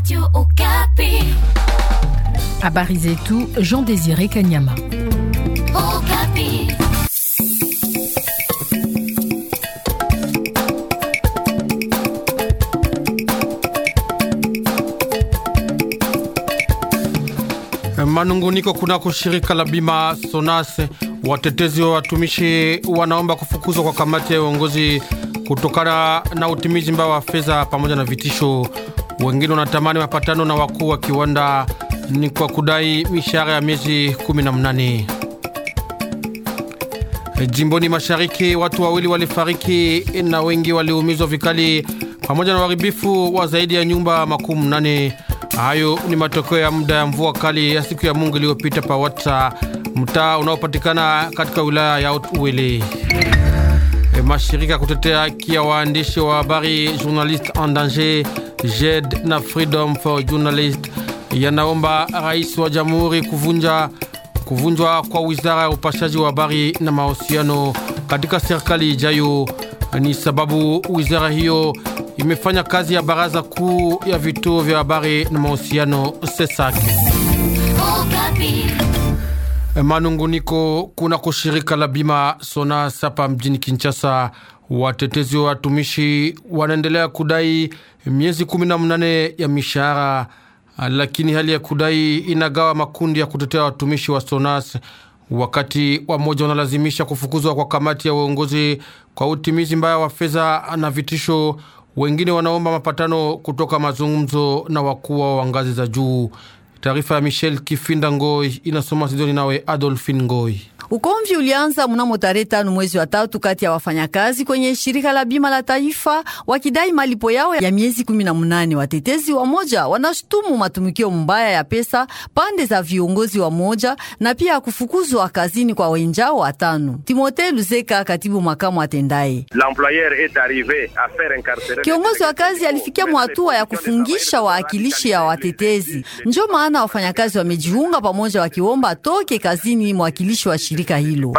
Radio Okapi. Habari zetu Jean Désiré Kanyama. Okapi. Manunguniko kuna kushirika la bima Sonas, watetezi wa watumishi wanaomba kufukuzwa kwa kamati ya uongozi kutokana na utimizi mbaya wa fedha pamoja na vitisho wengine wanatamani mapatano na wakuu wa kiwanda ni kwa kudai mishahara ya miezi 18. Jimboni Mashariki, watu wawili walifariki na wengi waliumizwa vikali, pamoja na uharibifu wa zaidi ya nyumba makumi nane. Hayo ni matokeo ya muda ya mvua kali ya siku ya Mungu iliyopita Pawata, mtaa unaopatikana katika wilaya ya Uwele. E, mashirika ya kutetea haki ya waandishi wa habari Journaliste en Danger JED na Freedom for Journalist yanaomba rais wa jamhuri kuvunja kuvunjwa kwa wizara ya upashaji wa habari na mahusiano katika serikali ijayo. Ni sababu wizara hiyo imefanya kazi ya baraza kuu ya vituo vya habari na mahusiano SESAK. Manunguniko kuna kushirika la bima Sona Sapa mjini Kinshasa Watetezi wa watumishi wanaendelea kudai miezi kumi na mnane ya mishahara, lakini hali ya kudai inagawa makundi ya kutetea watumishi wa SONAS, wakati wamoja wanalazimisha kufukuzwa kwa kamati ya uongozi kwa utimizi mbaya wa fedha na vitisho. Wengine wanaomba mapatano kutoka mazungumzo na wakuu wa ngazi za juu. Taarifa ya Michel Kifinda Ngoi inasoma Sidoni nawe adolfin Ngoi. Ukomvi ulianza mnamo tarehe tano mwezi wa tatu kati ya wafanyakazi kwenye shirika la bima la taifa wakidai malipo yao ya miezi kumi na munane. Watetezi wamoja wanashutumu matumikio mbaya ya pesa pande za viongozi wa moja na pia kufukuzwa kazini kwa wenjao watano. Timote Luzeka, katibu makamu atendaye kiongozi wa kazi, alifikia mwatua ya kufungisha waakilishi ya watetezi. Ndio maana wafanyakazi wamejiunga pamoja wakiomba toke kazini mwakilishi wa shirika shirika hilo.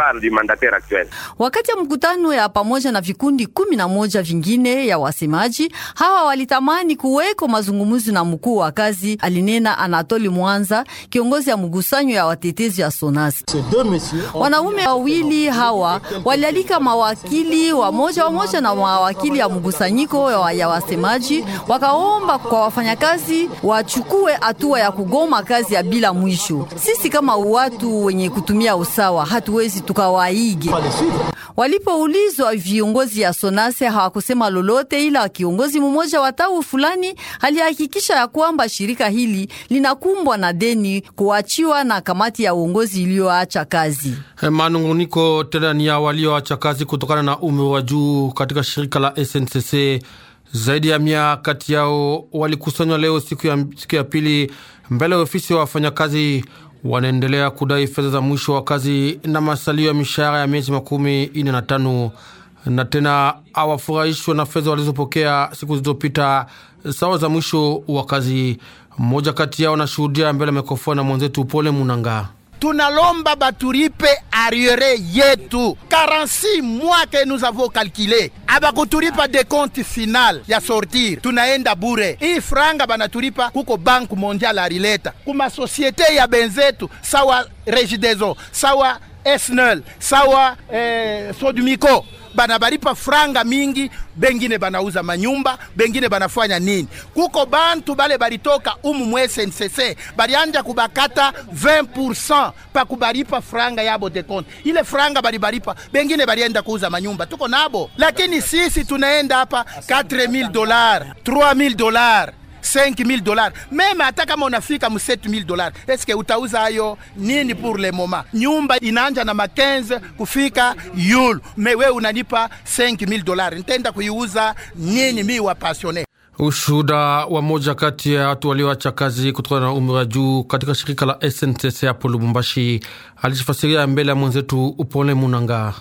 Wakati ya mkutano ya pamoja na vikundi kumi na moja vingine ya wasemaji hawa walitamani kuweko mazungumuzi na mkuu wa kazi, alinena Anatoli Mwanza, kiongozi ya mgusanyo ya watetezi ya Sonasi. Wanaume wawili hawa walialika mawakili wamoja wamoja na mawakili ya mgusanyiko ya wasemaji, wakaomba kwa wafanyakazi wachukue hatua ya kugoma kazi ya bila mwisho. Sisi kama watu wenye kutumia usawa hatuwezi tukawaige. Walipoulizwa viongozi ya Sonase hawakusema lolote, ila kiongozi mmoja wa tawi fulani alihakikisha ya kwamba shirika hili linakumbwa na deni kuachiwa na kamati ya uongozi iliyoacha kazi. Eh, manunguniko tena ni ya walioacha kazi kutokana na umri wa juu katika shirika la SNCC. Zaidi ya mia kati yao walikusanywa leo siku ya, siku ya pili mbele ya ofisi ya wafanyakazi wanaendelea kudai fedha za mwisho wa kazi na masalio ya mishahara ya miezi makumi ine na tano na tena hawafurahishwa na fedha walizopokea siku zilizopita sawa za mwisho wa kazi. Mmoja kati yao anashuhudia mbele ya mikrofoni na mwenzetu Pole Munanga. tunalomba baturipe ariere yetu 46 mois que nous avons calculé abakutulipa dekonti final ya sortir tunaenda bure. Hii franga banatulipa kuko banque mondiale arileta kuma sosiete ya benzetu sawa Regideso sawa Esnel sawa eh, Sodumiko banabalipa franga mingi, bengine banauza manyumba, bengine banafanya nini. Kuko bantu bale balitoka umu mwese nsese balianja kubakata 20% pa kubalipa franga yabo de konte, ile franga balibalipa, bengine balienda kuuza manyumba, tuko nabo. Lakini sisi tunaenda hapa 4000 dollars 3000 dollars 5000 dollars meme hata kama unafika mu 7000 dollars eske utauza hayo nini? Pour le moment nyumba inaanja na ma 15 kufika yulu, mewe unanipa 5000 dollars, nitaenda kuiuza nini? Mi wa passionné ushuda wa moja kati ya watu walioacha kazi kutokana na umri wa juu katika shirika la SNTC hapo Lubumbashi alifasiria mbele ya mwenzetu Upole Munanga.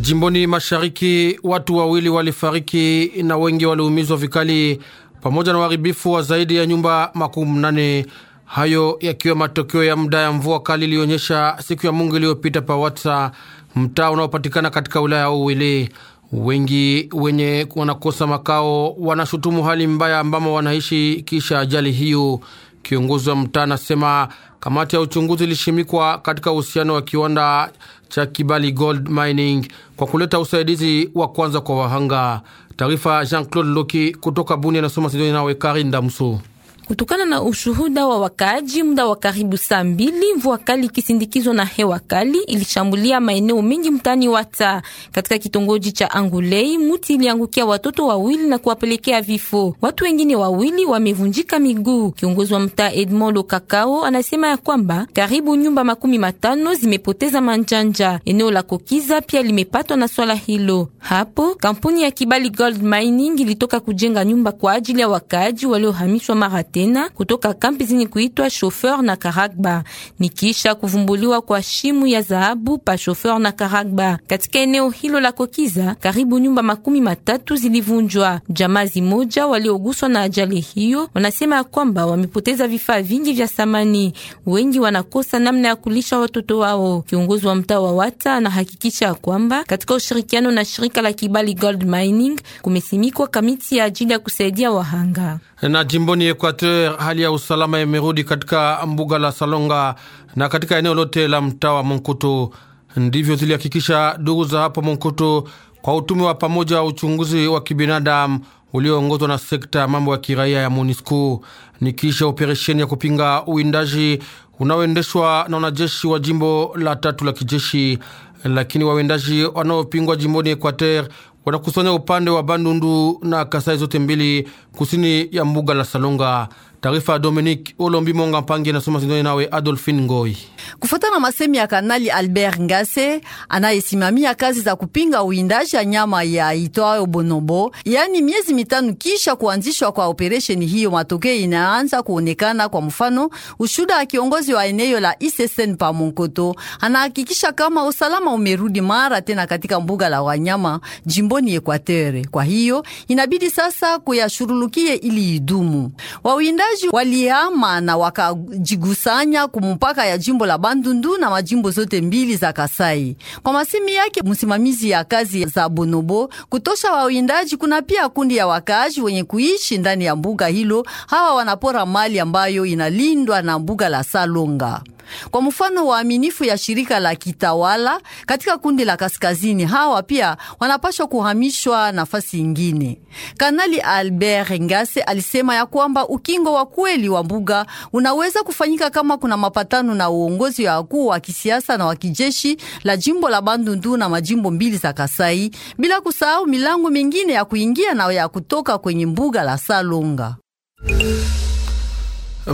Jimboni Mashariki, watu wawili walifariki na wengi waliumizwa vikali pamoja na uharibifu wa zaidi ya nyumba makumi nane, hayo yakiwa matokeo ya muda ya mvua kali iliyoonyesha siku ya Mungu iliyopita Pawatsa, mtaa unaopatikana katika wilaya ya Uwili. Wengi wenye wanakosa makao wanashutumu hali mbaya ambamo wanaishi kisha ajali hiyo. Kiongozi wa mtaa anasema kamati ya uchunguzi ilishimikwa katika uhusiano wa kiwanda cha Kibali Gold Mining kwa kuleta usaidizi wa kwanza kwa wahanga. Taarifa Jean-Claude Loki kutoka Bunia, nasoma Sidoni nawe Karinda Muso. Kutokana na ushuhuda wa wakaaji, muda wa karibu saa mbili, mvua kali ikisindikizwa na hewa kali ilishambulia maeneo mengi mtaani Wata. Katika kitongoji cha Angulei, muti iliangukia watoto wawili na kuwapelekea vifo. Watu wengine wawili wamevunjika miguu. Kiongozi wa mtaa Edmond Lokakao anasema ya kwamba karibu nyumba makumi matano zimepoteza manjanja. Eneo la Kokiza pia limepatwa na swala hilo. Hapo kampuni ya Kibali Gold Mining ilitoka kujenga nyumba kwa ajili ya wakaaji waliohamishwa mara tena kutoka kambi zenye kuitwa Shofer na Karagba, ni kisha kuvumbuliwa kwa shimu ya zahabu pa Shofer na Karagba katika eneo hilo la Kokiza. Karibu nyumba makumi matatu zilivunjwa. Jamazi moja walioguswa na ajali hiyo wanasema ya kwamba wamepoteza vifaa vingi vya samani, wengi wanakosa namna ya kulisha watoto wao. Kiongozi wa mtaa wa Wata anahakikisha ya kwamba katika ushirikiano na shirika la Kibali Gold Mining kumesimikwa kamiti ya ajili ya kusaidia wahanga na jimboni Equateur kote hali ya usalama imerudi katika mbuga la Salonga na katika eneo lote la mtaa wa Monkutu. Ndivyo zilihakikisha ndugu za hapo Monkutu kwa utumi wa pamoja wa uchunguzi wa kibinadamu ulioongozwa na sekta ya mambo ya kiraia ya MONUSCO ni kisha operesheni ya kupinga uwindaji unaoendeshwa na wanajeshi wa jimbo la tatu la kijeshi. Lakini wawindaji wanaopingwa jimboni Equateur wanakusanya upande wa Bandundu na Kasai zote mbili kusini ya mbuga la Salonga. Taarifa ya Dominique Olombi Monga Mpange inasoma Sindoni nawe Adolfin Ngoi. Kufuatana na masemi ya Kanali Albert Ngase anayesimamia kazi za kupinga uwindaji ya nyama ya itwayo bonobo, yaani miezi mitano kisha kuanzishwa kwa operesheni hiyo, matokeo inaanza kuonekana. Kwa mfano, ushuda wa kiongozi wa eneo la Isesen pa Monkoto anahakikisha kama usalama umerudi mara tena katika mbuga la wanyama jimboni Ekwatere. Kwa hiyo inabidi sasa kuyashurulukie ili idumu Wawinda Wakaaji walihama na wakajigusanya kumupaka ya jimbo la Bandundu na majimbo zote mbili za Kasai. Kwa masimi yake msimamizi ya kazi za Bonobo kutosha wawindaji, kuna pia kundi ya wakaji wenye kuishi ndani ya mbuga hilo. Hawa wanapora mali ambayo inalindwa na mbuga la Salonga. Kwa mfano, waaminifu ya shirika la kitawala katika kundi la kaskazini, hawa pia wanapashwa kuhamishwa nafasi ingine. Kanali Albert Ngase alisema ya kwamba ukingo wa kweli wa mbuga unaweza kufanyika kama kuna mapatano na uongozi wa wakuu wa kisiasa na wa kijeshi la jimbo la Bandundu na majimbo mbili za Kasai, bila kusahau milango mingine ya kuingia na ya kutoka kwenye mbuga la Salonga.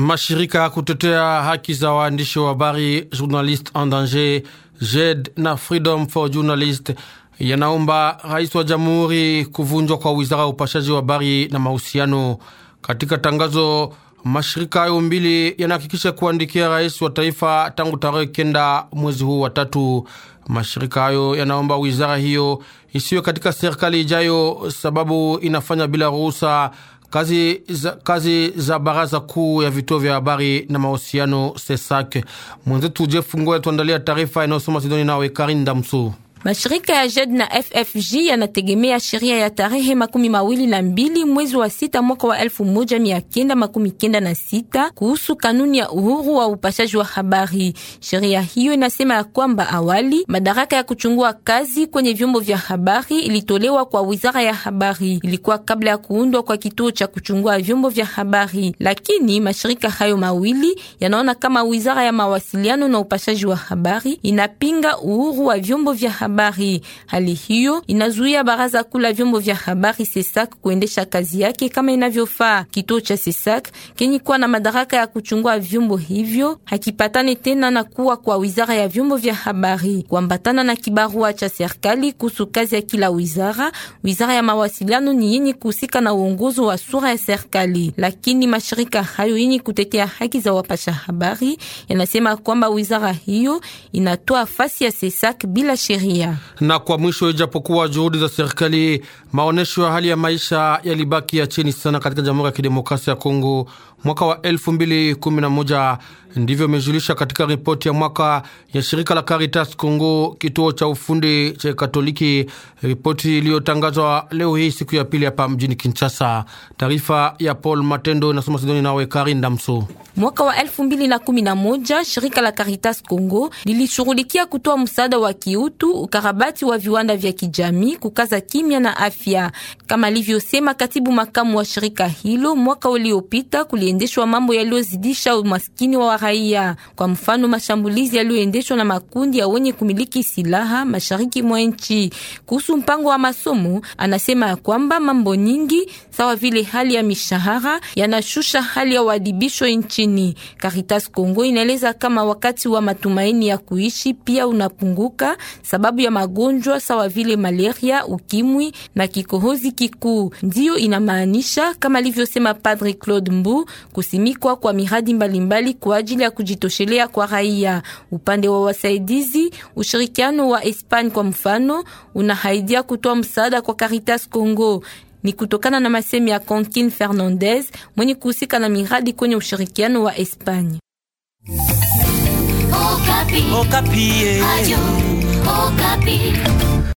Mashirika kutetea haki za waandishi wa habari Journalist en Danger, JED na Freedom for Journalist yanaomba rais wa jamhuri kuvunjwa kwa wizara ya upashaji wa habari na mahusiano. Katika tangazo, mashirika hayo mbili yanahakikisha kuandikia rais wa taifa tangu tarehe kenda mwezi huu wa tatu. Mashirika hayo yanaomba wizara hiyo isiwe katika serikali ijayo, sababu inafanya bila ruhusa Kazi za, kazi za baraza kuu ya vituo vya habari na mahusiano SESAK. Mwenzetu Jeff Ngoya tuandalia taarifa inayosoma Sidoni nawe Karin Msu. Mashirika ya JED na FFG yanategemea sheria ya tarehe makumi mawili na mbili mwezi wa sita mwaka wa elfu moja mia kenda makumi kenda na sita kuhusu kanuni ya uhuru wa upashaji wa habari. Sheria hiyo inasema ya kwamba awali madaraka ya kuchungua kazi kwenye vyombo vya habari ilitolewa kwa wizara ya habari, ilikuwa kabla ya kuundwa kwa kituo cha kuchungua vyombo vya habari, lakini mashirika hayo mawili yanaona kama wizara ya mawasiliano na upashaji wa habari inapinga uhuru wa vyombo vya habari habari. Hali hiyo inazuia baraza kuu la vyombo vya habari SESAC kuendesha kazi yake kama inavyofaa. Kituo cha SESAC kenye kuwa na madaraka ya kuchungua vyombo hivyo hakipatane tena na kuwa kwa wizara ya vyombo vya habari, kuambatana na kibarua cha serikali kuhusu kazi ya kila wizara. Wizara ya mawasiliano ni yenye kuhusika na uongozi wa sura ya serikali, lakini mashirika hayo yenye kutetea haki za wapasha habari yanasema kwamba wizara hiyo inatoa fasi ya SESAC bila sheria dunia. Na kwa mwisho, ijapokuwa juhudi za serikali, maonyesho ya hali ya maisha yalibaki ya chini sana katika Jamhuri ya Kidemokrasia ya Kongo mwaka wa 2011. Ndivyo imejulisha katika ripoti ya mwaka ya shirika la Caritas Kongo, kituo cha ufundi cha Katoliki, ripoti iliyotangazwa leo hii siku ya pili hapa mjini Kinshasa. Taarifa ya Paul Matendo inasoma Sidoni nawe Karin Damso. Mwaka wa 2011 shirika la Caritas Kongo lilishughulikia kutoa msaada wa kiutu ukarabati wa viwanda vya kijamii, kukaza kimya na afya. Kama alivyosema katibu makamu wa shirika hilo, mwaka uliopita kuliendeshwa mambo yaliyozidisha umaskini wa raia, kwa mfano mashambulizi yaliyoendeshwa na makundi ya wenye kumiliki silaha mashariki mwa nchi. Kuhusu mpango wa masomo, anasema ya kwamba mambo nyingi sawa vile hali ya mishahara yanashusha hali ya uadibisho nchini. Caritas Kongo inaeleza kama wakati wa matumaini ya kuishi pia unapunguka sababu sababu ya magonjwa sawa vile malaria, ukimwi na kikohozi kikuu. Ndiyo inamaanisha kama alivyosema Padre Claude Mbu, kusimikwa kwa miradi mbalimbali kwa ajili ya kujitoshelea kwa raia. Upande wa wasaidizi, ushirikiano wa espagne kwa mfano unahaidia kutoa msaada kwa Caritas Congo ni kutokana na masemi ya Conkin Fernandez mwenye kuhusika na miradi kwenye ushirikiano wa espagne eh. Okapi.